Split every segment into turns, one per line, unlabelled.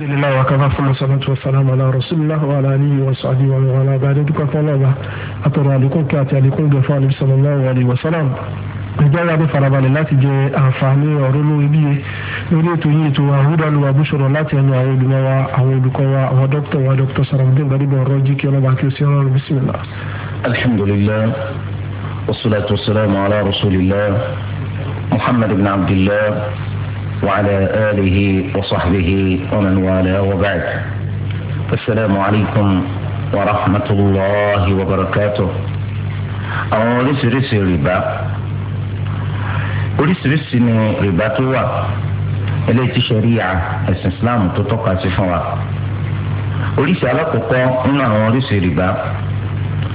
alhamdu lillahi وكفى kafa fún masalatu wa salam ala rasulillah wa ala alihi wa sahbihi wa ala abadi dukkan fún ọlọ́ba àtọ̀rọ̀ àlékún kí àti àlékún gbẹ fún alibi sallallahu alayhi wa salam ìjọba adé farabalẹ̀ láti jẹ àǹfààní ọ̀rọ̀ lórí bíi lórí ètò yìí ètò àhúdàlù àbúṣọrọ̀ láti ẹnu àwọn olùmọ̀ wa àwọn olùkọ́ wa àwọn dókítà wa dókítà sàràmùdín gbadébọ̀ ọ̀rọ̀ jí kí ọlọ́ba àti òsì ọlọ́run bisimilá.
alhamdulillah wasalaatu wasalaamu ala rasulillah muhammad ibn abdillah. وعلى آله وصحبه ومن والاه وبعد السلام عليكم ورحمة الله وبركاته àwọn oríṣiríṣi rìbá oríṣiríṣi ni rìbá tó wà eléyìí tí ṣẹ̀ríà ẹ̀sìn islam tó tọ́ka sí fún wa oríṣi alákọ̀ọ́kọ́ nínú àwọn oríṣi rìbá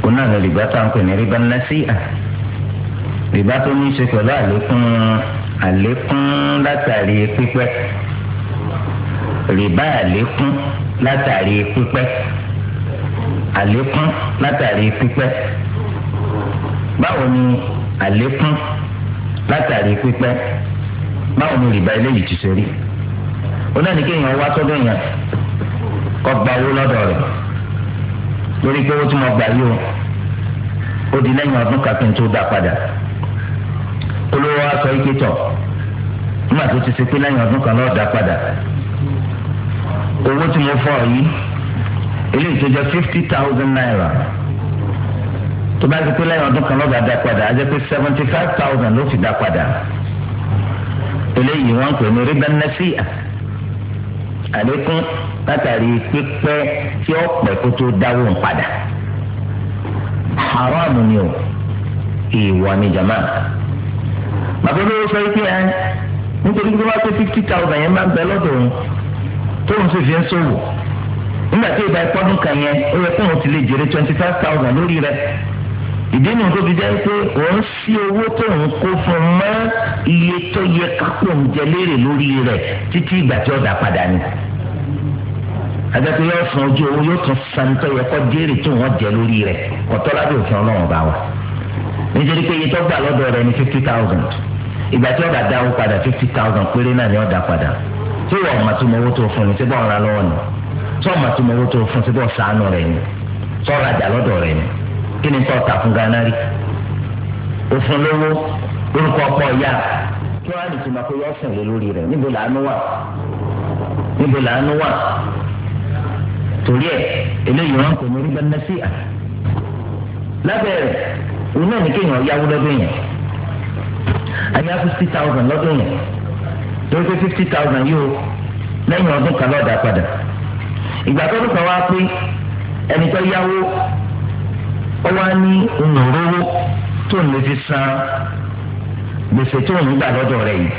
òun náà ni rìbá tá à ń pè ní rìbá nasi'a rìbá tó ní í ṣe pẹ̀lú àlékún àlékún látàrí pípẹ́ rìbá àlékún látàrí pípẹ́ àlékún látàrí pípẹ́ báwo ni àlékún látàrí pípẹ́ báwo ni rìbá eléyìí ti ṣe rí onáni kéèyàn wá sọ́dọ̀ èèyàn kó gba owó lọ́dọ̀ rẹ̀ lórí pé owó tí mo gbà yìí o ó di lẹ́yìn ọdún kan tó dá padà sọ ike tọ̀ nígbà tó ti ṣe pé lẹ́yìn ọdún kan lọ́ọ̀dà padà owó tí mo fọ́ yìí eléyìí tó jẹ́ fifty thousand naira tó bá ti pé lẹ́yìn ọdún kan lọ́ọ̀dà dá padà á jẹ́ pé seventy five thousand ló fi dá padà eléyìí wọ́n ń pè ní rìbẹ́nẹ́síà àlékún látàrí pípẹ́ tí ó pẹ́ kó tó dáwó ń padà haram ni o ìwà ni jama bàbá olówó sọ pé ẹ nítorí pé wọ́n pé fifty thousand yẹn máa ń bẹ lọ́dọ̀ òun tóun sì fi ń ṣòwò nígbà tí ìgbà ìpọ́dún kan yẹn ó yẹ kóun ti lè jèrè twenty five thousand lórí rẹ̀ ìdí nìyí tó fi jẹ́ pé òun sí owó tó ń kó fún mọ́ iye tó yẹ kápò ń jẹ léèrè lórí rẹ̀ títí ìgbà tí ọ̀dà padà ni adájọ́ yóò san ojú owó yóò tún san tó yẹ kó jèrè tó wọ́n jẹ lórí rẹ̀ kọ́tọ́ lábẹ́ ọlọ́run bá wa nítorí pé iye tó gbà lọ́dọ̀ rẹ̀ ní fifty thousand ìgbà tí ọ̀dà dáwó padà fifty thousand péré náà ni ọ̀dà padà tí wọ́n ọ̀ma tó mọ owó tó fún ni tí bọ́ọ̀ ra lọ́wọ́ ni tí ọ̀ma tó mọ owó tó fún tí bọ́ọ̀ sànù rẹ̀ ni tí ọ̀ra dà lọ́dọ̀ rẹ̀ ni kí ni tọ́ta fún gánà rí òfin lówó orúkọ ọ̀pọ̀ ìyá kí wọ́n á nìtì máa pé yọ sùn lé lórí rẹ̀ níbo làánú wà níbo làánú wà torí ẹ̀ eléyìí wọn kò ní orí bẹ́ẹ̀ náà sí à lábẹ́ rẹ̀ òun náà ní kéèyàn yáwó lọ́dún yẹn àyà fifty thousand lọ́dún yẹn lórí pé fifty thousand yìí o lẹ́yìn ọdún kan lọ́ọ̀dà padà ìgbà tó dùn kan wá pé ẹni tó yáwó ó wá ní ńlọrọwọ tó ń lè fi san gbèsè tó ń gbà lọ́dọ̀ rẹ̀ yìí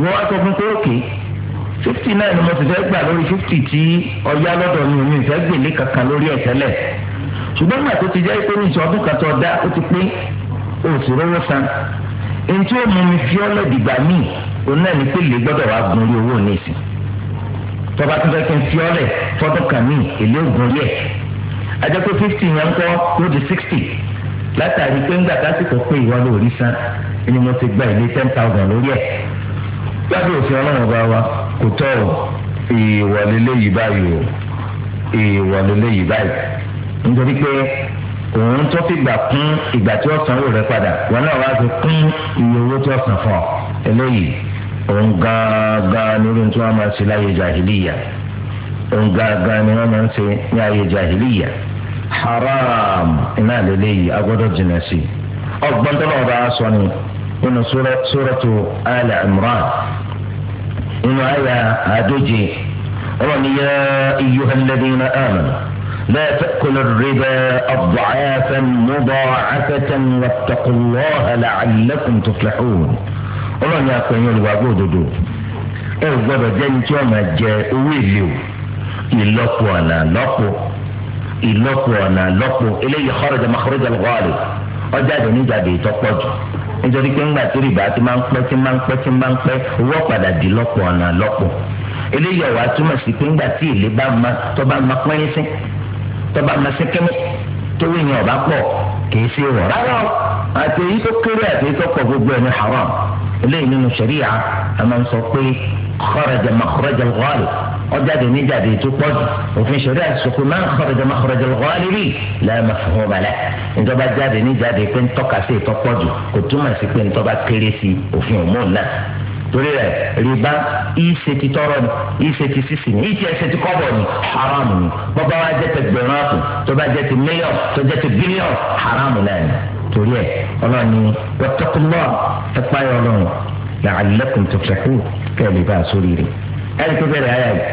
wọ́n wá sọ fún pé òkè fifty náà ni mo ti fẹ́ gbà lórí fifty tí ọ̀yá lọ́dọ̀ mi ò ní ìfẹ́ gbèlé kankan lórí ẹ̀ tẹ́lẹ̀ ṣùgbọ́n gbà tó ti jẹ́ pé ní ìṣọ́ ọdún kan tó dá ó ti pé òsì rówó san ntí ó mú mi fi ọlọ́dìgbà míì òun náà ní pé lè gbọ́dọ̀ wá gun orí owó nísì tọba tó fẹ́ kí n fi ọlẹ̀ fọ́dún kan míì èlé ògùn rí ẹ̀ ajẹ́ pé fifty yẹn ń kọ́ ló di sixty látàrí pé ńgbà tásìkò pé ìwọ ló rí san ẹni mo ti gba ilé ten thousand lórí ẹ̀ lábẹ́ òfin ọlọ́run ọba wa kò tọ́ ọ ìwọlélẹ́yìí báyìí o ìwọlélẹ́yìí báyìí nítorí pé. òun tó fi gbà kún ìgbà tí ó sanwó rẹ padà wọn náà wá fi kún iye owó tí san fún ọ eléyìí òun gángan nírú tí wọn máa ṣe láyé jahiliya òun gángan ni máa
haram
iná agbọ́dọ̀ jìnnà sí ọgbọ́n tó náà bá a sọ ni nínú suratu Imran wọn ni yá لا تأكل الربا أضعافا مضاعفة واتقوا الله لعلكم تفلحون ọlọ́run ni akọ̀yìn olùwàgbọ́ òdodo ẹ ò gbọ́dọ̀ jẹ́ni tí wọ́n máa jẹ owó èlé o ìlọ́pọ̀ ọ̀nà lọ́pọ̀ ìlọ́pọ̀ ọ̀nà lọ́pọ̀ eléyìí kharaja makhraja al-ghali ọjà àdó níjàdé ìtọ́pọ̀ jù nítorí pé ńgbà tó rìbá ti máa ń pẹ́ ti máa ń pẹ́ ti máa ń pẹ́ owó padà di lọ́pọ̀ ọ̀nà lọ́pọ̀ eléyìí ọ̀wá túmọ̀ sí pé ńgbà tí èlé bá ma tó bá ma pẹ́rín sí tọba masekẹmẹ tówó yẹn ọba pọ kìí ṣe wọ rárá o àti èyí tó kéré àti èyí tó pọ̀ gbogbo ẹni haram eléyìí nínú sẹríya a máa ń sọ pé kharaja makhraja al-ghalib ọjàde níjàde tó pọ̀ jù òfin sẹríya sọkò máa ń kharaja makhraja al-ghalib rí la mafhuma lahu ìjọba jáde níjàde pé ń tọ́ka sí jù kò túmọ̀ sí pé ń tọ́ba kéré sí òfin òmùn náà torí rẹ̀ rìbá ìṣe ti tọrọ ni ìṣe ti sísì ni ìṣe ẹsẹ ti kọ́bọ̀ ni haram ni bọba wa jẹ ti gbẹ̀rún àpò tó bá jẹ ti mílíọn tó jẹ ti bílíọn haram náà ni torí ẹ̀ Ọlọ́run ni wọtọkùnlọ ẹ páyọ Ọlọ́run làálẹkùn tó fẹkù kẹlẹ bá a sórí rẹ̀ ẹni tó bẹ̀rẹ̀ ayà yìí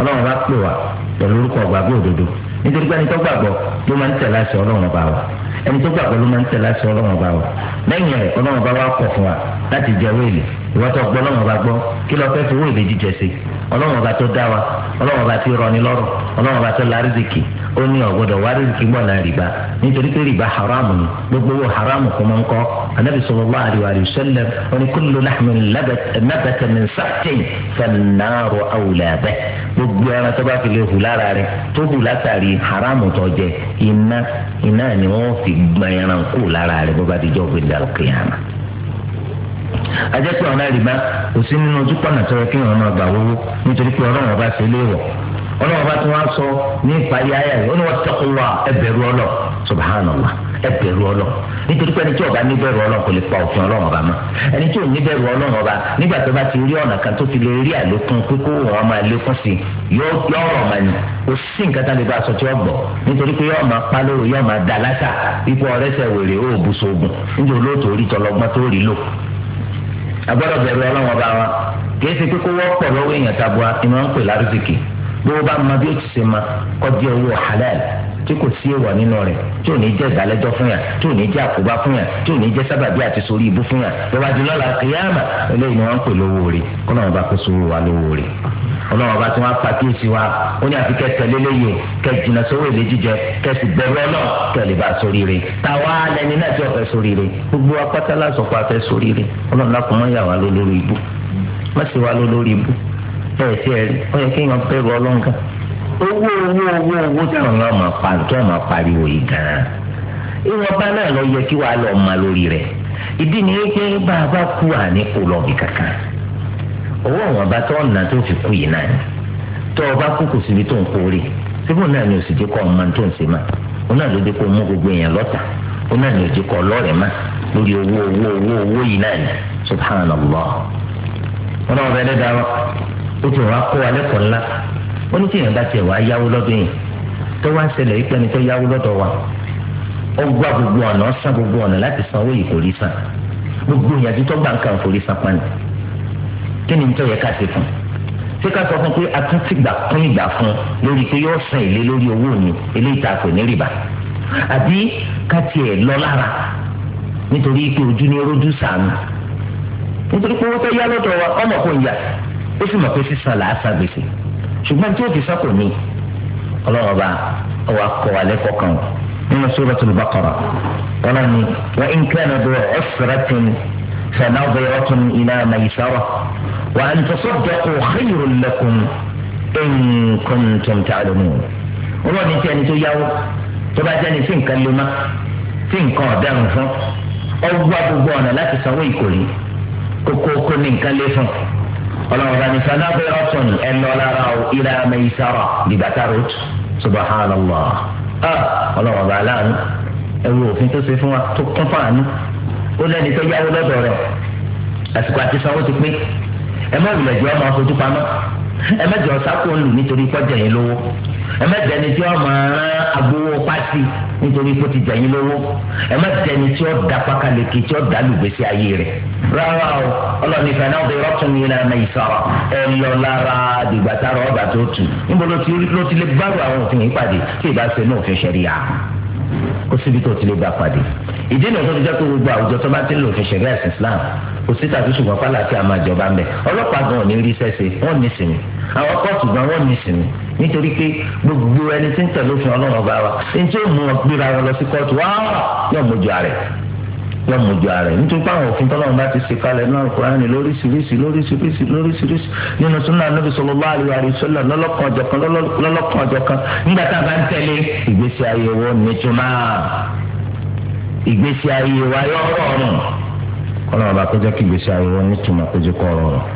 Ọlọ́run bá pè wá pẹ̀lú orúkọ gbàgbọ́ òdodo nítorí pé ẹni tó gbàgbọ́ ló máa ń tẹ̀lé àṣẹ Ọlọ́run bá wa ẹni tó gbàgbọ́ ló máa ń tẹ̀lé àṣẹ Ọlọ́run bá wa lẹ́yìn rẹ̀ Ọlọ́run bá wa kọ̀ fún wa láti jẹ wéèlì ìwọ́n tó gbọ́ ọlọ́run ọba gbọ́ kí lọ́ọ́ fẹ́ fi owó ìbejì jẹ sí ọlọ́run ọba tó dá wa ọlọ́run ọba tí rọ̀ ní lọ́rùn ọlọ́run ọba tó la rìzìkì ó ní ọ̀gbọ́dọ̀ wá rìzìkì gbọ̀nà rìbá nítorí pé rìbá haramu ni gbogbo owó haramu kò máa ń kọ́ anabi sallallahu alaihi wa sallam ó ní kullu lahmin nabata min sa'tin fannaru awla bih gbogbo ẹran tó bá ajẹ́ pé ọ̀nà rìbá kò sí nínú ojúkọ̀nà tó yẹ kí èèyàn náà wọ́wọ́ nítorí pé ọlọ́run ọba ṣe léèwọ̀ ọlọ́run ọba tí wọ́n sọ ní ìparí ayé rẹ̀ wọ́n ọlọ́ subhanallah ọlọ́ nítorí pé ẹni tí ọba níbẹ̀rù ọlọ́ kò lè pa òfin ọlọ́run ọba mọ́ ẹni ọba nígbà tó bá ti rí ọ̀nà kan tó fi lè rí àlékún wọn agbọ́dọ̀ bẹ̀rù Ọlọ́run ọba wa kì í ṣe pé kó wọ́pọ̀ lọ́wọ́ èèyàn tabua ìmọ̀ ń pè lárúzìkì bó bá mọ bí o ti ṣe ma kọjá owó halal tí kò sí èèwọ̀ nínú rẹ̀ tí ò ní jẹ́ ìdálẹ́jọ́ fún yà tí ò ní jẹ́ àkóbá fún yà tí ò ní jẹ́ sábàbí àti sórí ibú fún yà lọ́ba di lọ́la kìyàmà eléyìí ni wọ́n ń pè lówó rẹ̀ kó náà bá kó sówó wa lówó rẹ̀ ọlọ́run bá tí wọ́n á pàkíyèsí wa ó ní àfi kẹ́ tẹ̀lé léyè kẹ́ jìnnà sówó èlé jíjẹ kẹ́ sì bẹ̀rù ọlọ́run kẹ́ lè bá sóríire táwa lẹni náà tí wọ́n fẹ́ sóríire gbogbo apátá lásọ̀kọ́ afẹ́ sóríire ọlọ́run lákùnmọ́ yà wá lólórí ibú má sì wá lólórí ibú bẹ́ẹ̀ sí ẹ̀rí ó yẹ kéèyàn bẹ̀rù ọlọ́run gan owó owó owó owó táwọn náà máa pa tó máa pariwo yìí gan-an ìwọ̀nba náà lọ yẹ kí wàá lọ ma lórí rẹ̀ ìdí ni a bàbá kú lọ lọ́ọ̀bì kankan owó àwọn ọba tó tó fi kú ni tó ọba kú kò síbi tó ń kórè síbò náà ni òsì jẹ́ kọ́ ọmọ tó ń náà ló dé kó mú gbogbo èèyàn lọ́tà náà ni kọ́ lọ́rẹ̀ lórí owó owó owó owó yìí wọ́n ní tí èèyàn bá tiẹ̀ wá yáwó lọ́dọ̀ yìí tó wá ń ṣẹlẹ̀ yìí pẹ́ni tó yáwó lọ́dọ̀ wa ó gbá gbogbo ọ̀nà san gbogbo ọ̀nà láti sanwó yìí kò rí san gbogbo ìyàtí tó gbà ń kà ń forí san pani kí ni tó yẹ ká ṣe fún ṣé ká sọ fún pé a tún ti gbà kún ìgbà fún lórí pé yóò san èlé lórí owó mi eléyìí tá a pè ní rìbá àbí ká tiẹ̀ lọ lára nítorí pé ojú ni rojú sàánù nítorí pé owó tó yá lọ́dọ̀ wa ọmọ kò ń yà ó sì mọ̀ pé sísan làásà gbèsè ṣùgbọ́n tí ó fi sọ́kù mi ọlọ́run ọba ọwọ́ akọ alẹ́ kọ̀ọ̀kan nínú suratul Baqara wọn ni wa in kana dhu usratin fanadhiratun ila maysarah wa an tasaddaqu khayrun lakum in kuntum ta'lamun olóòní tí ẹni tó yáwó tó bá jẹ́ni sí nǹkan lé má sí nǹkan ọ̀daràn fún ọwọ́ gbogbo ọ̀nà láti sanwó ìkòlì kókó kó ní nǹkan lé fún un. ọlọ́run bá ní fanáfẹ ọtún ẹ lọ lára o ilẹ amẹ ìsára dìgbàtà road subhanallah ah, ọlọ́run bá láàánú ẹrù òfin tó ṣe fún wa tó kún fáànù ó lẹni tó yáwó lọ́dọ̀ rẹ̀ àsìkò àti sanwó ti pé ẹ má wulẹ̀ jẹ́ ọmọ pamọ́ ẹ mẹjọ sáko ń lù nítorí kọjá yín lówó ẹ mẹjọ ẹni tí wọn máa rán agbowó pátì nítorí kó ti jẹ yín lówó ẹ mẹjọ ẹni tí wọn da pákàlẹkì tí wọn da lùgbèsè ayé rẹ rárá o ọlọ́ni fẹ́nà ọ̀dọ̀ ìrọ́tún mi lẹ́nu ìsọ̀rọ̀ ẹ lọ lára dìgbàtàrọ̀ ọ̀bà tó tù níbo ló ti ló ti lè gbárù àwọn òfin yìí pàdé tí ìbá ṣe náà òfin ṣẹ̀ríà kó síbi tó ti lè gbà pàdé ìdí náà tó fi jẹ́ pé gbogbo àwùjọ tó bá ti ń lò òfin ṣẹ̀ríà ẹ̀sìn Islam kò sí tàbí ṣùgbọ́n pálá tí a máa jọba ń bẹ̀ ọlọ́pàá gan-an ò ní rí sẹ́sẹ̀ wọ́n ní sinmi àwọn kóòtù gan wọn ní sinmi nítorí pé gbogbo ẹni tí ń tẹ̀lé òfin ọlọ́run ọba wa ẹni tí ó mú wọn gbéra wọn lọ sí kóòtù wá yóò mójú ààrẹ yóò mójú ààrẹ nítorí pé àwọn òfin tọ́lọ́run bá ti ṣe kalẹ̀ náà Kùránì lóríṣiríṣi lóríṣiríṣi lóríṣiríṣi nínú súnà Nábì sallallahu alaihi wasallam lọ́lọ́kan ọ̀jọ̀kan lọ́lọ́kan ọ̀jọ̀kan nígbà tá a bá ń tẹ̀lé ìgbésí ayé wo nítumá ìgbésí ayé wa yọ̀ ọ̀rọ̀ ọ̀rùn kọ́lọ́mọba kọjá kí ìgbésí ayé wọn nítumọ̀ kọjú kọ́ ọ̀rọ̀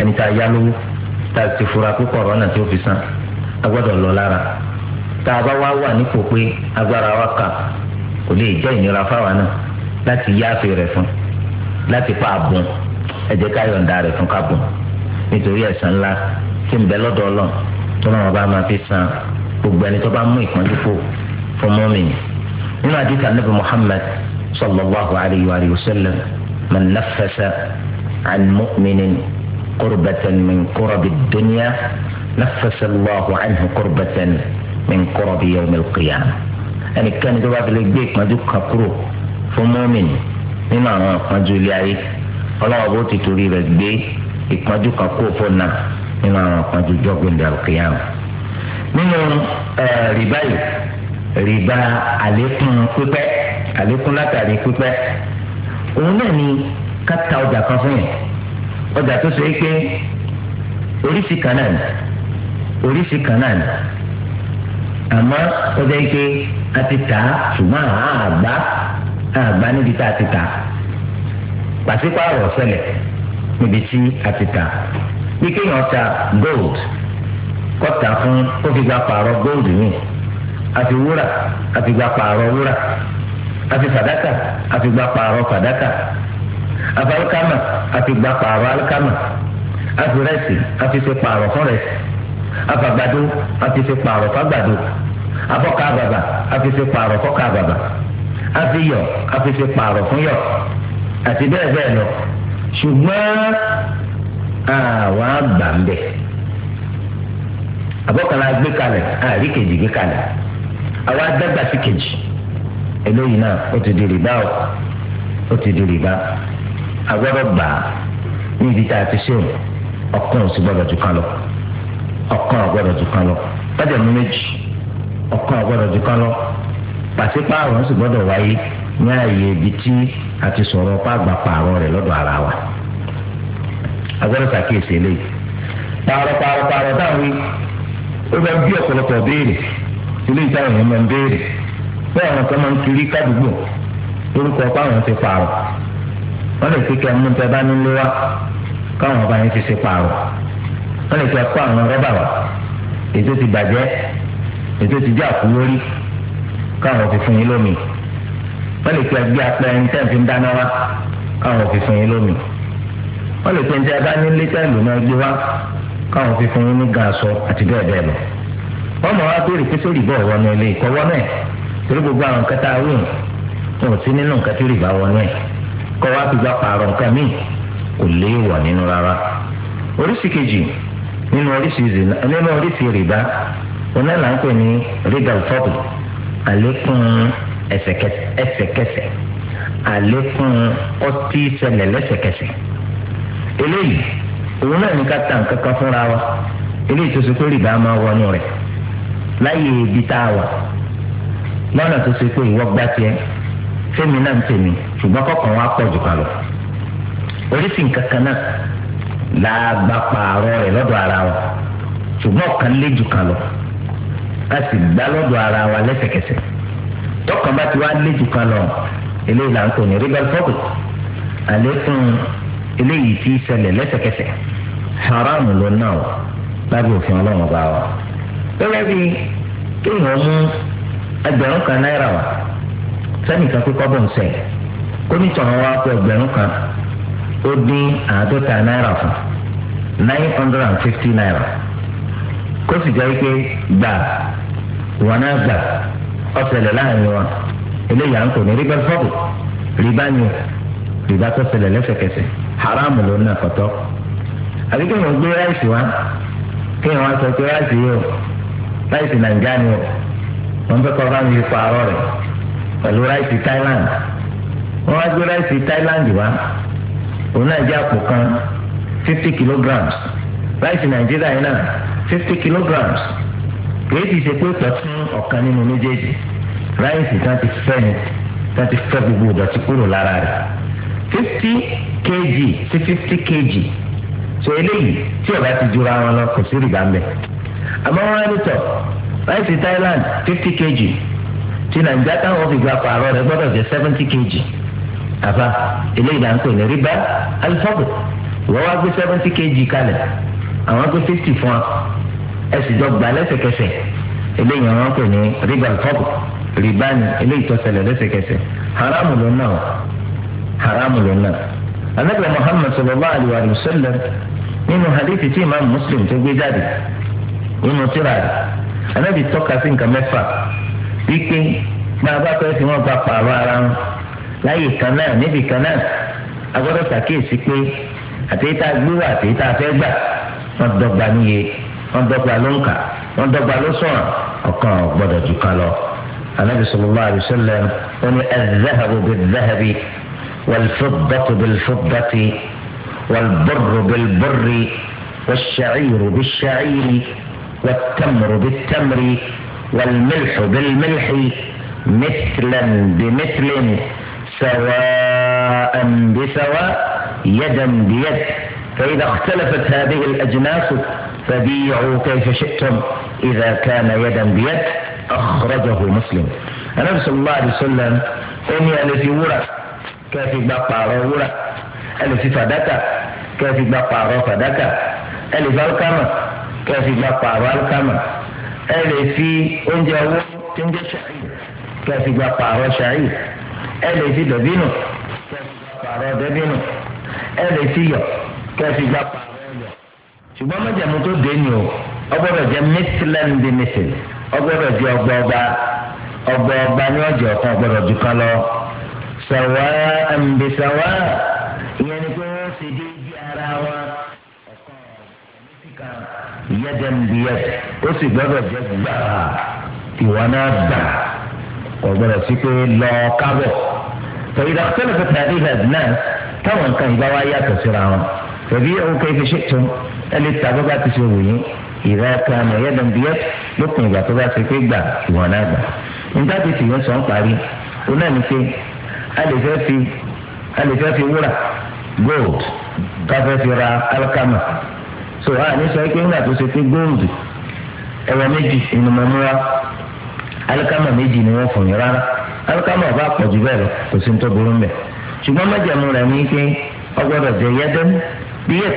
ẹni tá a yá lówó tá a ti fura pé kọ̀rọ̀nà tí ó fi san a gbọ́dọ̀ lọ lára tá a bá wá wà nípò pé agbára wa kà kò lè jẹ́ ìnira fáwa náà láti yááfe rẹ̀ fún láti pa àbùn ẹ jẹ́ ká yọ̀ǹda rẹ̀ fún ká bùn nítorí ẹ̀san ńlá tí ń bẹ lọ́dọ̀ ọlọ́run tó náà bá máa fi san gbogbo ẹni tó bá mú ìpọ́njú fò fún mọ́mìnì nínú àdìsá nàbì Muhammad sallallahu alayhi wa sallam man nafasa an mu'minin. قربة من كرب الدنيا نفس الله عنه قربة من كرب يوم القيامة يعني كان جواب البيت ما دوك كرو فمؤمن نما ما جولي عليه الله أبو تتوري البيت ìpọ́njú kan kó fún náà nínú àwọn ìpọ́njú jọ́gbìndà òkèèyàn. nínú rìbá yìí rìbá àlékún pípẹ́ àlékún látàrí pípẹ́ òun náà ni ká ta ọjà kan fún yẹn ọjà tó ṣe é pé oríṣi kan náà oríṣi kan náà àmọ́ ọjà yìí pé a ti tà á ṣùgbọ́n àgbá àgbá níbi tá a ti tà pàṣípààrọ̀ ṣẹlẹ̀ níbi tí a ti tà bí kéèyàn ta gold kọ́ta fún ó fi gba pààrọ̀ gold mi àti wúrà àti gba pààrọ̀ wúrà àti fàdákà àti gba pààrọ̀ fàdákà. afọ alikama àfi gba pààrọ̀ alikama àfi a ti ṣe pààrọ̀ fún rẹsì àfi àgbàdo àfi ṣe pààrọ̀ fún àgbàdo àfọkà bàbà àfi ṣe pààrọ̀ fọkà bàbà àfi yọ àfi ṣe pààrọ̀ fún yọ àti bẹ́ẹ̀ bẹ́ẹ̀ lọ ṣùgbọ́n àwọn àgbà ń bẹ̀ àbọ̀kànlá gbé kalẹ̀ àrí kejì gbé kalẹ̀ àwọn adágbà kejì ti di rìbá o ti di rìbá agbọ́dọ̀ gbà á ní tá a ti ṣe ọ̀kan òsì gbọ́dọ̀ ju kan lọ ọ̀kan ọ̀gbọ́dọ̀ ju kan lọ bàjẹ́ mi méjì ọ̀kan ọ̀gbọ́dọ̀ ju kan lọ pàṣípààrọ̀ ń sì gbọ́dọ̀ wáyé ní ààyè ibi tí a ti sọ̀rọ̀ pàgbà pààrọ̀ rẹ̀ lọ́dọ̀ ara wa agbọ́dọ̀ ṣàkíyèsí eléyìí pààrọ̀ pààrọ̀ pààrọ̀ dáwé ó bẹ bí ọ̀pọ̀lọpọ̀ béèrè ilé ìtàn èèyàn máa ń béèrè bẹ́ẹ̀ àwọn kan máa ń kiri kádùgbò lórúkọ pààrọ̀ ti pààrọ̀ wọ́n lè fi kẹ́ mú tẹ bá nílé wá káwọn ọba yẹn ti ṣe pààrọ̀ wọ́n lè fẹ́ kó àwọn rọ́bà wá ètò ti bàjẹ́ ètò ti jẹ́ àkú lórí káwọn fi fún yín lómi wọ́n lè fẹ́ gbé apẹ́ ẹni tẹ́ fi ń dáná wá káwọn fi fún yín lómi wọ́n lè fẹ́ ń tẹ bá nílé tẹ́ lò náà gbé wá káwọn fi fún yín ní gàásọ àti bẹ́ẹ̀ bẹ́ẹ̀ lọ wọ́n mọ̀ wá béèrè pé sórí ìbọ̀ wọnú ilé ìkọ́wọ́ náà torí gbogbo àwọn kẹta awé kọ́ wá fi gba pààrọ̀ nǹkan míì kò léèwọ̀ nínú rárá oríṣi kejì nínú oríṣi zina nínú oríṣi rìbá oná là ń pè ní rigal fọ́pù àlékún ẹsẹ̀kẹsẹ̀ àlékún ọtí ṣẹlẹ̀ lẹ́sẹ̀kẹsẹ̀ eléyìí òun náà ní ká ta nǹkan kan fúnra wa eléyìí tó ṣe pé rìbá máa wọnú rẹ̀ láyé ibi tá a wà lọ́nà tó ṣe pé ìwọ tiẹ̀ fẹ́mi náà ń tèmi ṣùgbọ́n kọ̀ọ̀kan wa pọ̀ jù kan lọ oríṣi nǹkan kan náà la gba pààrọ̀ rẹ̀ lọ́dọ̀ ara wa ṣùgbọ́n ọ̀kan lé jù kan lọ ká sì gbá lọ́dọ̀ ara wa lẹ́sẹ̀kẹsẹ̀ tọkàn bá ti wá lé jù kan lọ eléyìí là ń tò ní ribal fọ́ọ̀kù àlékún eléyìí tí ṣẹlẹ̀ lẹ́sẹ̀kẹsẹ̀ haram ló náà wà lábẹ́ òfin ọlọ́run bá wa gẹ́gẹ́ bí kéèyàn mú ẹgbẹ̀rún kan náírà wá sẹ́nìkan pé kọ́bọ̀ ń sẹ́yìn onítọ̀hún wa kó ẹgbẹ̀rún kan ó dín àádọ́ta náírà fún nine hundred and fifty naira kó sì jẹ́ pé gbà wọn náà gbà ọ̀sẹ̀lẹ̀ láàrin wọn eléyà ń kò ní rí bẹ́ẹ̀ fọ́ọ̀bù rìbá ni rìbá tó ṣẹlẹ̀ lẹ́sẹ̀kẹsẹ̀ haramu ló ń nà kọ́tọ́ àbí kí gbé ráìsì wá kí wọn sọ pé ráìsì yìí o ráìsì nàìjíríà ni o wọn fẹ́ kọ́ bá mi pààrọ̀ rẹ̀ pẹ̀lú ráìsì Thailand wọ́n á gbé ráìsì Thailand wá òun náà jẹ́ àpò kan fifty kilograms ráìsì Nàìjíríà yìí náà fifty kilograms kìí ti ṣe pé tọ́tún ọ̀kan nínú méjèèjì ráìsì tá ti fẹ́ tá ti fẹ́ gbogbo ìdọ̀tí kúrò lára rẹ̀ fifty kg sí fifty kg so eléyìí tí ọba ti jura wọn lọ kò sí rìbá mbẹ àmọ́ wọn ní tọ̀ ráìsì Thailand fifty kg ti Nàìjíríà táwọn fi gba pààrọ̀ rẹ̀ gbọ́dọ̀ jẹ́ seventy kg àbá eléyìí là ń pè ní rìbá alifọ́bù wọ́n wá gbé seventy kg kalẹ̀ àwọn gbé fifty fún wa ẹ̀sìn jọ gbà lẹ́sẹ̀kẹsẹ̀ eléyìí àwọn pè ní rìbá alifọ́bù rìbá ni eléyìí tó ṣẹlẹ̀ lẹ́sẹ̀kẹsẹ̀ haramu ló náà haramu ló náà anabi muhammad sallallahu alayhi wa sallam nínú hadithi tí imaamu muslim tó gbé jáde nínú tírà rẹ̀ anabi tọ́ka sí nǹkan mẹ́fà wípé bá a bá fẹ́ fi wọ́n bá pààrọ̀ ara wọn. láyé kan náà níbi kan náà a ṣàkíyèsí pé àtẹ̀yí tá a gbé wá àtẹ̀yí tá a fẹ́ gbà wọ́n dọ́gba níye wọ́n dọ́gba ló ń kà wọ́n dọ́gba ló sọ̀rọ̀ ọ̀kan ò gbọ́dọ̀ jù kan lọ. anabi sallallahu alayhi wa sallam wọn ni al-dhahabu bil-dhahabi wal-fiddatu bil-fiddati wal-birru bil-birri والشعير بالشعير والتمر بالتمر والملح بالملح مثلا بمثل سواء بسواء يدا بيد فإذا اختلفت هذه الأجناس فبيعوا كيف شئتم إذا كان يدا بيد أخرجه مسلم نفس الله عليه وسلم أمي التي ورا كافي بقارة ورا التي فدكة كافي بقارة فدك ألي فالكما كافي بقارة الكما ألي في أنجا ورا تنجا شعير كافي بقارة شعير ẹ lè fi dẹ̀bí nù pààrọ̀ dẹ̀bí nù ẹ lè fi yọ kẹfì gba pààrọ̀ yọ. ṣùgbọ́n mẹ́jẹ̀mú tó dé ni o ọgbọ́dọ̀ jẹ́ mẹ́tìlẹ́nu bí mẹ́tìlẹ́ ọgbọ́dọ̀ jẹ́ ọgbà ọba ọgbà ọba ní ọjọ́ ọ̀kan ọgbọ́dọ̀ dùkan lọ. sàwá ẹ̀ǹbì sàwá ìyẹn ni pé
wọ́n ṣe dé ibi ara wa
ìyẹ́dẹ̀ǹbì yẹ ó sì gbọ́dọ̀ jẹ́ gbàrà ìwọ náà gbàrà ọ̀gbọ́dọ̀ sí pé lọ kábọ̀ tòbí dàkítọ́lù fún tàbí hẹ́d náà táwọn nǹkan ìgbà wa yàtọ̀ síra wọn tòbí òkè fi ṣe tún ẹ lè ta bó bá ti ṣe wù yín ìrẹ́ ẹ̀ka àmọ̀ yẹ́dọ̀ bíyẹ́ lópin ìgbà tó bá ṣe pé gbà ìwọ̀n náà gbà nígbà tí tìyẹ́ sọ ń parí ó náà ní pé a lè fẹ́ fi wúrà gold ká fẹ́ fi ra alkama so a sọ pé ńgbà tó ṣe pé gold ẹ̀wọ̀ méjì ìnùmọ̀múra alikama méjì ni wọ́n fún yín rárá alikama ọba pọ̀jù bẹ́ẹ̀ lọ kò sí nítorí burú mbẹ́ ṣùgbọ́n májàmú rẹ̀ ní pé ọgbọ́dọ̀ jẹ yẹ́dẹ́n bíyẹ̀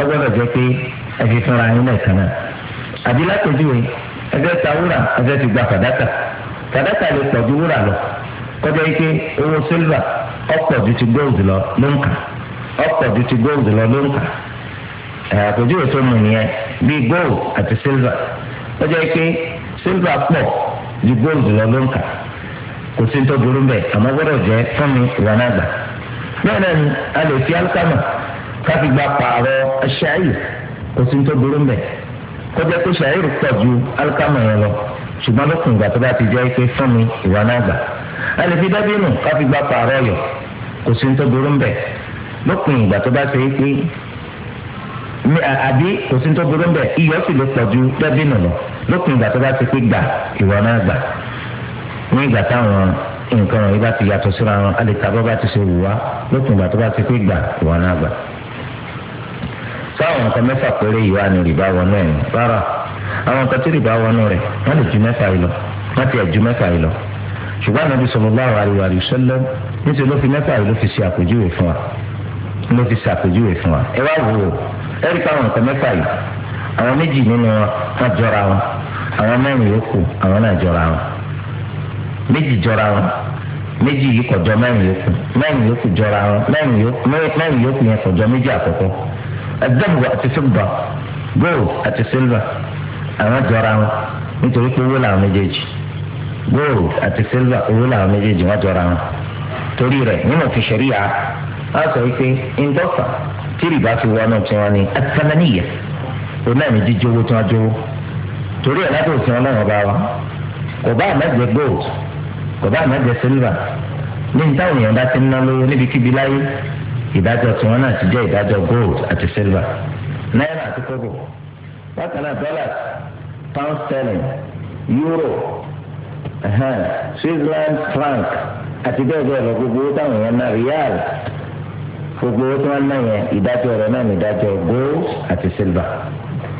ọgbọ́dọ̀ jẹ pé ẹ̀fí fúnra yín náà kan náà àbí látọ̀júwe ẹgbẹ́ ta wúrà ẹgbẹ́ ti gba fàdákà fàdákà lè pọ̀jù wúrà lọ kọjá yìí pé owó sílvà ọ̀pọ̀jù ti gold lọ ló ń kà ọ̀pọ̀jù ti gold lọ ló ń kà àpèjúwe tó mú nìyẹn bíi gold àti sílvà kọjá yìí pé sílvà pọ̀ ju góòlù lọ ló ń kà kò sí tó burú bẹ́ẹ̀ àmọ́ gbọ́dọ̀ jẹ́ fún mi ìwà náà gbà. bẹ́ẹ̀ náà ni a lè fi alikama káfí gba pààrọ̀ ṣáàyè kò sí tó burú bẹ́ẹ̀ kọjá pé ṣáàyè pọ̀ ju alikama yẹn lọ ṣùgbọ́n lókun ìgbà tó bá ti jẹ́ pé fún mi ìwà náà gbà. a lè fi dábìí nù káfí gba pààrọ̀ ọ̀yọ̀ kò sí tó burú bẹ́ẹ̀ lókun ìgbà tó bá ṣe é pé àbí kò sí tó burú bẹ́ẹ̀ iyọ̀ lópin ìgbà tó bá ti pé gbà ìwọ náà gbà ní ìgbà táwọn nǹkan wọ̀nyí bá ti yàtọ̀ síra wọn a lè ta bọ́ bá ti ṣe wù wá lópin ìgbà tó bá ti pé gbà ìwọ náà gbà. sáwọn nǹkan mẹ́fà péré yìí wà ní rìbá wọnú ẹ̀ rárá àwọn nǹkan tí rìbá wọnú rẹ̀ wọ́n lè ju mẹ́fà yìí lọ wọ́n ti ẹ̀ ju mẹ́fà yìí lọ ṣùgbọ́n Ànábì sallallahu alaihi wa sallam níṣẹ́ ló fi mẹ́fà yìí ló fi ṣe àwọn mẹ́rin yòókù àwọn náà jọra wọn méjì jọra wọn méjì yìí kọjọ mẹ́rin yòókù mẹ́rin jọra wọn mẹ́rin yòókù yẹn kọjọ méjì àkọ́kọ́ ẹdẹbù àti gold àti sílvà àwọn jọra wọn nítorí pé owó làwọn méjèèjì gold àti sílvà owó làwọn méjèèjì wọn jọra wọn torí rẹ̀ nínú òfin sọ wípé tí rìbá fi wọnú ní tí torí ẹ̀ láti òsìn ọlọ́run ọba wa kò bá àmẹ́jẹ gold kò bá àmẹ́jẹ silver ní táwọn èèyàn bá ti ń ná lówó níbikíbi láyé ìdájọ́ tiwọn náà ti jẹ́ ìdájọ́ gold àti silver náírà àti kóbò bákan náà dollars pound sterling euro switzerland franc àti bẹ́ẹ̀ bẹ́ẹ̀ lọ gbogbo owó táwọn èèyàn náà rial gbogbo owó tí wọ́n ná yẹn ìdájọ́ rẹ̀ náà ní ìdájọ́ gold àti silver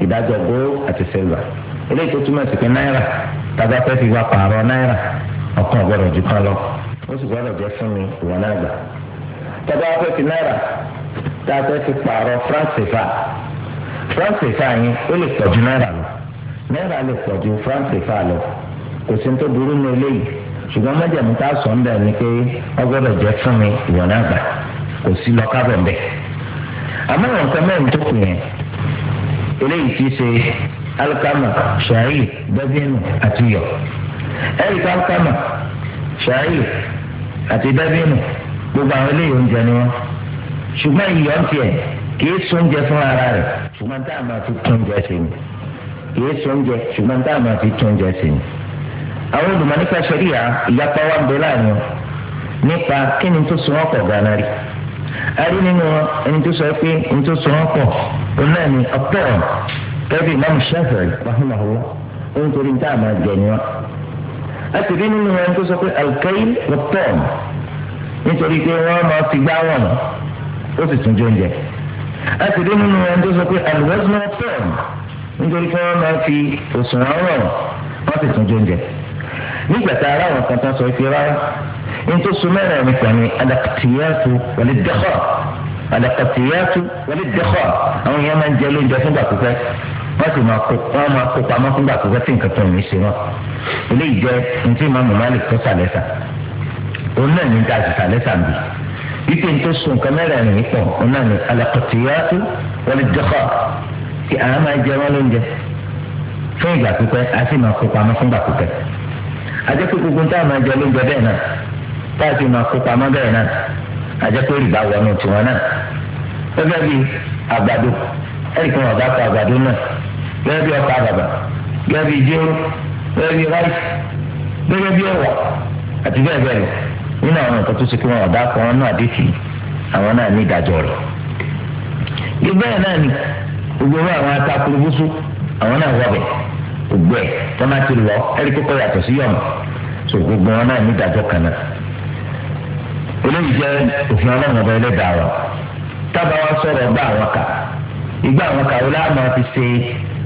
ìdájọ́ gold àti silver. eléyìí tó túmọ̀ sí pé náírà tàbí afẹ́ fi wá pààrọ̀ náírà ọkàn gbọ́dọ̀ jù kan lọ ó sì gbọ́dọ̀ jẹ́ fún mi ìwọ náà gbà tàbí afẹ́ fi náírà tàbí afẹ́ fi pààrọ̀ france fa france fa yẹn ó lè pọ̀ ju náírà lọ náírà lè pọ̀ ju france fa lọ kò sí ní tó a sọ ń bẹ̀ ni pé ọgbọ́dọ̀ jẹ́ fún mi ìwọ náà gbà kò sí lọ alikama ṣàyè dẹ́bìnì àti yọ ẹ̀ríkà alikama ṣàyè àti dẹ́bìnì gbogbo àwọn eléyìí oúnjẹ ni wọn ṣùgbọ́n ìyọ̀ ń tiẹ̀ kìí sóúnjẹ fún ara rẹ̀ ṣùgbọ́n tá a máa fi tún oúnjẹ sí ni kìí sóúnjẹ ṣùgbọ́n tá máa fi tún oúnjẹ sí ni. àwọn olùmọ̀nípa ṣẹ́ríyà ìyapa wa ń bẹ láàrin nípa kí ni tó sún ọkọ̀ gánà rí a rí nínú ẹni tó sọ pé ẹni tó sún ọkọ̀ òun náà ni ọ̀pẹ̀rọ̀ kẹ́bí imam shafi'i rahimahullah ó ń torí níta àmà jẹ̀ni wọn. a ti rí nínú wọn tó sọ pé alkail wọ́pọ̀n nítorí pé wọ́n máa fi gbá wọn ó sì tún jóúnjẹ. a ti rí nínú wọn tó sọ pé alwazn wọ́pọ̀n nítorí pé wọ́n máa fi òṣùwọ̀n wọn wọ́n sì tún jóúnjẹ. nígbà tá a rá àwọn kan tán sọ ife rárá nítorí sọ mẹ́rin mi pẹ̀lú adakatiyatu wal dakhar adakatiyatu wal dakhar àwọn yẹn máa ń jẹ lóúnjẹ fúngbà pípẹ́. wọ́n sì máa kó wọ́n máa kó pamọ́ fúngbà tó fẹ́ẹ́ fi nǹkan tó ní ṣe wọn. eléyìí jẹ́ ntí màmú malik tó sàlẹ́sà òun náà ní ta sì sàlẹ́sà bì wípé nítorí sùn nǹkan pọ̀ òun náà ní alakọ̀tìyàtú wọlé kí àwọn máa jẹ wọn lóúnjẹ fún ìgbà pípẹ́ a sì máa kó pamọ́ fúngbà pípẹ́ gbogbo táwọn máa jẹ lóúnjẹ bẹ́ẹ̀ náà táà sì máa kó pamọ́ bẹ́ẹ̀ náà gẹ́gẹ́ bí ọkọ̀ àbàbà gẹ́gẹ́ bí ìjẹun gẹ́gẹ́ bí ráìsì gẹ́gẹ́ bí ẹ̀wà àti bẹ́ẹ̀ bẹ́ẹ̀ lọ nínú àwọn nǹkan tó ṣe kí wọn ọ̀dà kan náà àdìsí àwọn náà ní ìdájọ́ rẹ̀. ìbẹ́ẹ̀ náà ni gbogbo àwọn atakurubúsú àwọn náà wọ̀bẹ̀ gbogbo ẹ̀ tó ti lọ ẹ̀rí kókó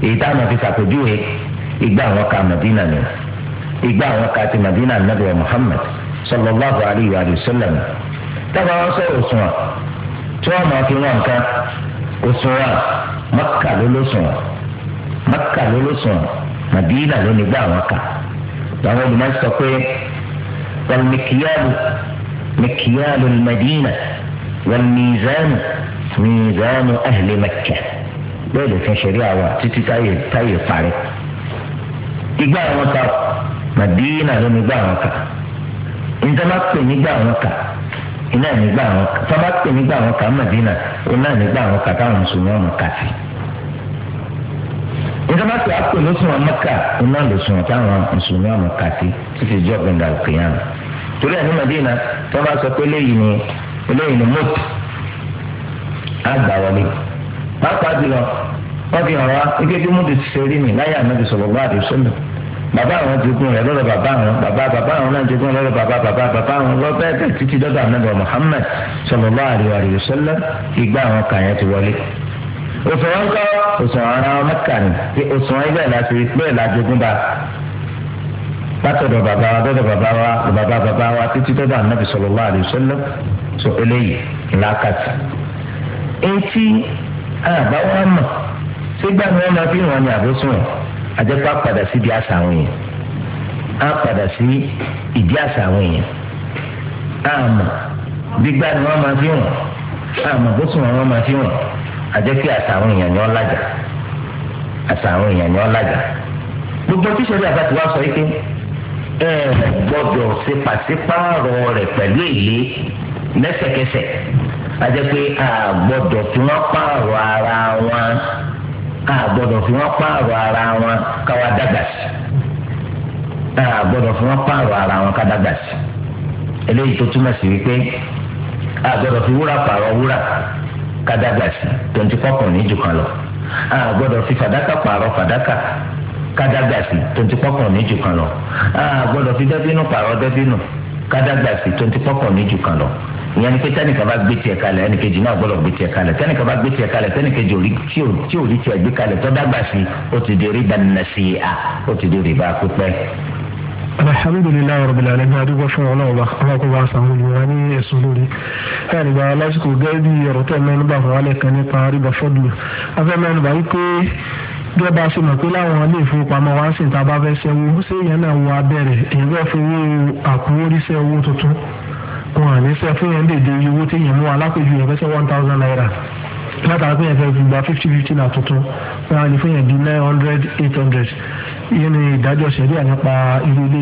èyí táwọn àfi sàpèjúwe ìgbà àwọn ka Madina ni ìgbà àwọn ka ti Madina Nabi Muhammad sallallahu alayhi wa sallam táwọn wọn sọ̀rọ̀ òṣùwọ̀n tí wọ́n máa fi wọn kan òṣùwọ̀n Makka ló lóṣùwọ̀n Makka ló lóṣùwọ̀n Madina ló nígbà àwọn ka làwọn olùmọ̀ sọ pé wal mikiyalu mikiyalu al-Madina wal mizanu mizanu ahli Makkah. bẹ́ẹ̀ lòfin ṣẹ̀rí àwọn títí táyé táyé parí. àwọn ta màdínà ló ní gbà àwọn kà ìjọba pè nígbà àwọn kà iná nígbà àwọn kà tọ́ba pè nígbà àwọn kà màdínà iná nígbà àwọn kà táwọn mùsùlùmí ọ̀nà kà sí. ìjọba pè àpò lóṣù wọn mọ́kà iná lóṣù wọn táwọn mùsùlùmí ọ̀nà kà sí títí jọ́ gbẹ̀ngà òkè yàn. torí ẹ̀ ní màdínà sọ pé ni ni mọ́tò pàápàá jùlọ wọ́n fi hàn wá ike bí múdi ṣe rí mi láyé ànábi sọ̀rọ̀ bá àdé sọ́nà bàbá àwọn jogún rẹ̀ lọ́dọ̀ bàbá àwọn bàbá bàbá àwọn náà jogún lọ́dọ̀ bàbá bàbá bàbá àwọn lọ́bẹ̀ bẹ̀ títí dọdọ ànábi bá àdé àdé àwọn ti wọlé òsùn wọn kọ òsùn ara wọn mẹ́ta ni òsùn wọn láti bá bàbá wa bàbá wa bàbá àbá wọn mọ̀ sígbà ni wọ́n máa fi hàn ní àbúsùn ẹ̀ àjẹpá padà sí ibi àṣà àwọn èèyàn á padà sí ìdí àṣà àwọn èèyàn àmọ́ gbígbà ni wọ́n máa fi hàn àmọ́ àbúsùn ni wọ́n máa fi hàn àjẹpá àṣà àwọn èèyàn ni wọ́n lájà àṣà àwọn èèyàn ni wọ́n lájà gbogbo tíṣẹ́lẹ̀ àbá ti wá sọ yìí pé ẹ gbọ́dọ̀ ṣe pàṣípààrọ̀ rẹ̀ pẹ̀lú èlé lẹ́sẹ̀kẹsẹ̀ àjẹ́ pé àgbọ̀dọ̀ tí wọ́n pààrọ̀ ara wọn àgbọ̀dọ̀ tí wọ́n pààrọ̀ ara wọn káwa dàgbà sí àgbọ̀dọ̀ tí wọ́n pààrọ̀ ara wọn ká dàgbà sí eléyìí tó túmọ̀ sí wípé àgbọ̀dọ̀ fi wúrà pààrọ̀ wúrà ká dàgbà sí tonti kọkùnrin jù kan lọ àgbọ̀dọ̀ fi fàdákà pààrọ̀ fàdákà ká dàgbà sí tonti kọkùnrin jù kan lọ àgbọ̀dọ̀ fi dẹ́bínú pààrọ̀ dẹ́bínú ká dàgbà sí tonti kọkùnrin jù kan lọ ìyẹn ni pé tẹnìkan bá gbé tiẹ̀ kalẹ̀ ẹnìkejì náà gbọ́dọ̀ gbé tiẹ̀ kalẹ̀ tẹnìkan bá gbé tiẹ̀ kalẹ̀ tẹnìkejì òrí tí ò tí ò rí tiẹ̀ gbé kalẹ̀ tó dàgbà sí ó ti di rìbá nà sí i à ó ti di rìbá pípẹ́.
alhamdulilayi wa rabbil alamin adigun fún wọn náà ọlọ́kọ̀ bá sàn wọn wá ní ẹ̀sùn lórí ẹ̀ nígbà lásìkò gẹ́gẹ́ bí ọ̀rọ̀ tẹ̀ mẹ́nu bá fún kan nípa rìbá fọ́dù afẹ́ mẹ́nu pé láwọn ilé ìfowópamọ́ wa ń sìn tá a bá fẹ́ ṣẹ́wó ṣé náà wọ abẹ́rẹ́ èèyàn fẹ́ fowó àkúwóríṣẹ́ owó tuntun wọn à ní sọ fún yẹn dèdè iye owó tí yẹn mú alápèjú yẹn fẹ́ one thousand naira látara pé yẹn fẹ́ gba fifty fifty náà tuntun wọn à ní fún yẹn di nine hundred eight hundred ìyẹn ni ìdájọ́ sẹ̀ríà nípa irú ilé.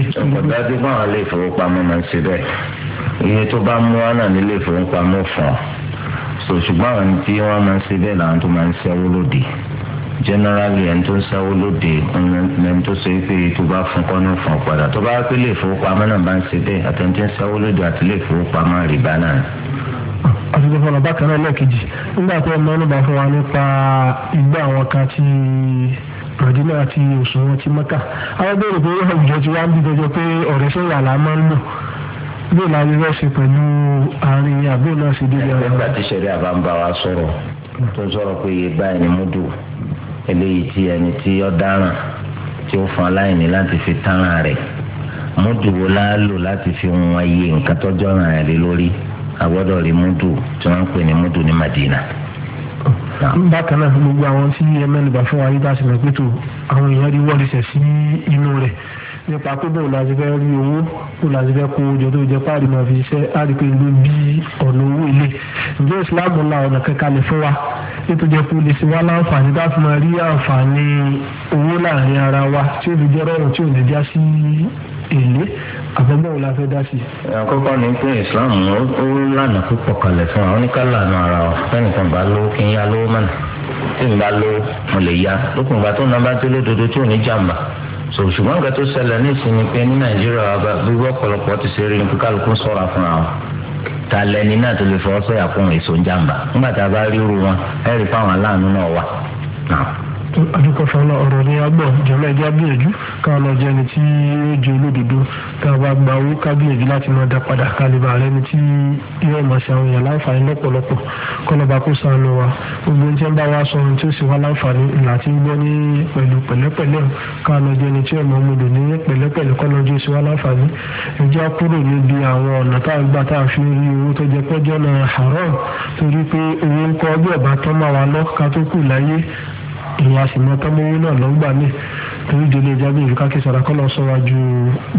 dájú
bá àwọn ilé ìfowópamọ́ máa ń ṣe bẹ́ẹ̀ iye tó bá mú wánà nílé ìfowópamọ́ fún ọ ṣùgbọ́n àwọn tí wọ́n máa ń ṣe bẹ́ẹ̀ làwọn tó máa ń ṣẹ́wó lóde generally ẹni tó ń sanwó lóde ẹni tó sọ pé tó bá fún kọ́nù fún padà tó bá pé lè fowópamọ́ náà bá ń ṣe bẹ́ẹ̀ àtẹni tó ń sanwó lóde àti lè fowópamọ́ rìbá náà
àtúntò fún ọ̀nà bákan náà lẹ́ẹ̀kejì nígbà tó mẹ́nu bá fún wa nípa igbá àwọn kan tí rọ̀dínà àti òṣùwọ̀n ti mọ́kà àwọn béèrè pé ó àwùjọ ti wá ń bí jọjọ pé ọ̀rẹ́ sí ìyàlá máa ń lò bí ìlà rírọ̀ ṣe pẹ̀lú àárín àbí ìlà ṣe débi àwọn. ẹgbẹ́ àti
ṣẹ̀rí àbá ń bá wa sọ̀rọ̀ tó sọ̀rọ̀ pé iye báyìí ni múdù eléyìí tí ẹni tí ó dáràn tí ó fún aláìní láti fi tánràn rẹ̀ múdù wo la lò láti fi wọn iye nǹkan tọjọ ràn ẹ̀ lé lórí agbọ́dọ̀ rí múdù tí wọ́n ń pè ní múdù ní Madina.
bákan náà gbogbo àwọn tí fún wa àwọn èèyàn rí sí inú rẹ̀ nípa pé la ti fẹ́ rí owó bóun la ti fẹ́ kó oúnjẹ tó jẹ máa fi ló bí ọ̀nà ètò jẹ́ kó lè ṣe wá láǹfààní bá fi máa rí àǹfààní owó láàrin ara wa tí ó fi jẹ́ rọrùn tí ò ní já sí èlé àfẹ́gbọ́n la fẹ́ dá sí.
àkọ́kọ́ ni pé islam ó lànà púpọ̀ kalẹ̀ fún wa ó ní ká lànà ara wa fẹ́nìkan bá lówó kí n yá lówó mọ́nà tí n bá lówó mo lè yá lókun ìgbà tó ń nàbá tó lódodo tí ò ní jàǹbá so ṣùgbọ́n nǹkan tó ṣẹlẹ̀ ní ìsinmi pé ní nàìjíríà bí wọ́n ọ̀pọ̀lọpọ̀ ti ṣe rí ní kíkálukú sọ̀rọ̀ fúnra wọn. ta lẹni náà tó lè fọwọ́ sọ̀yà fún èso ń jàǹbá nígbà tá a bá ríru wọn ẹ̀rí fáwọn aláàánú
adúkọ̀fà náà ọ̀rọ̀ ní agbọ̀ ìjọba ẹja gbìyànjú káwọn náà jẹ́ ẹni tí yóò jẹ́ olódodo tá a bá gba owó ká gbìyànjú láti máa dá padà ká lè bá rẹ ni tí yóò máa ṣe àwọn èèyàn láǹfààní lọ́pọ̀lọpọ̀ kọ́nàbà kó sànù wa gbogbo ohun tí ń bá wa sọ ohun tí ó sì wá láǹfààní ńlá tí ń gbọ́ ní pẹ̀lú pẹ̀lẹ́pẹ̀lẹ́ káwọn náà jẹ́ ẹni tí yóò máa múlò ní pẹ̀lẹ́pẹ̀lẹ́ kọ́nàjọ́ sì wá láǹfààní ẹjọ́ kúrò níbi àwọn a gbà tá a fi rí owó tó jẹ pẹ́jọ́ náà haram torí pé owó ń kọ́ ọgbẹ́ ọ̀bá tọ́ máa wà lọ́ èèyàn àṣìmọ́ tọ́mọ́wó náà ló ń gbà mí torí délé ẹja bí ìfikà kẹsàrà kọ́ lọ sọ́wájú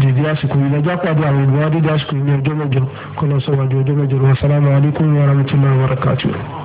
dèdè àsìkò yìí lọ́jà pàdé àwọn ìgbà wá dédé àsìkò yìí ní ọjọ́ mẹ́jọ kọ́ lọ sọ́wájú ọjọ́ mẹ́jọ lọ́wọ́ sálámù alaykum wa rahmatulahi wa barakatuh.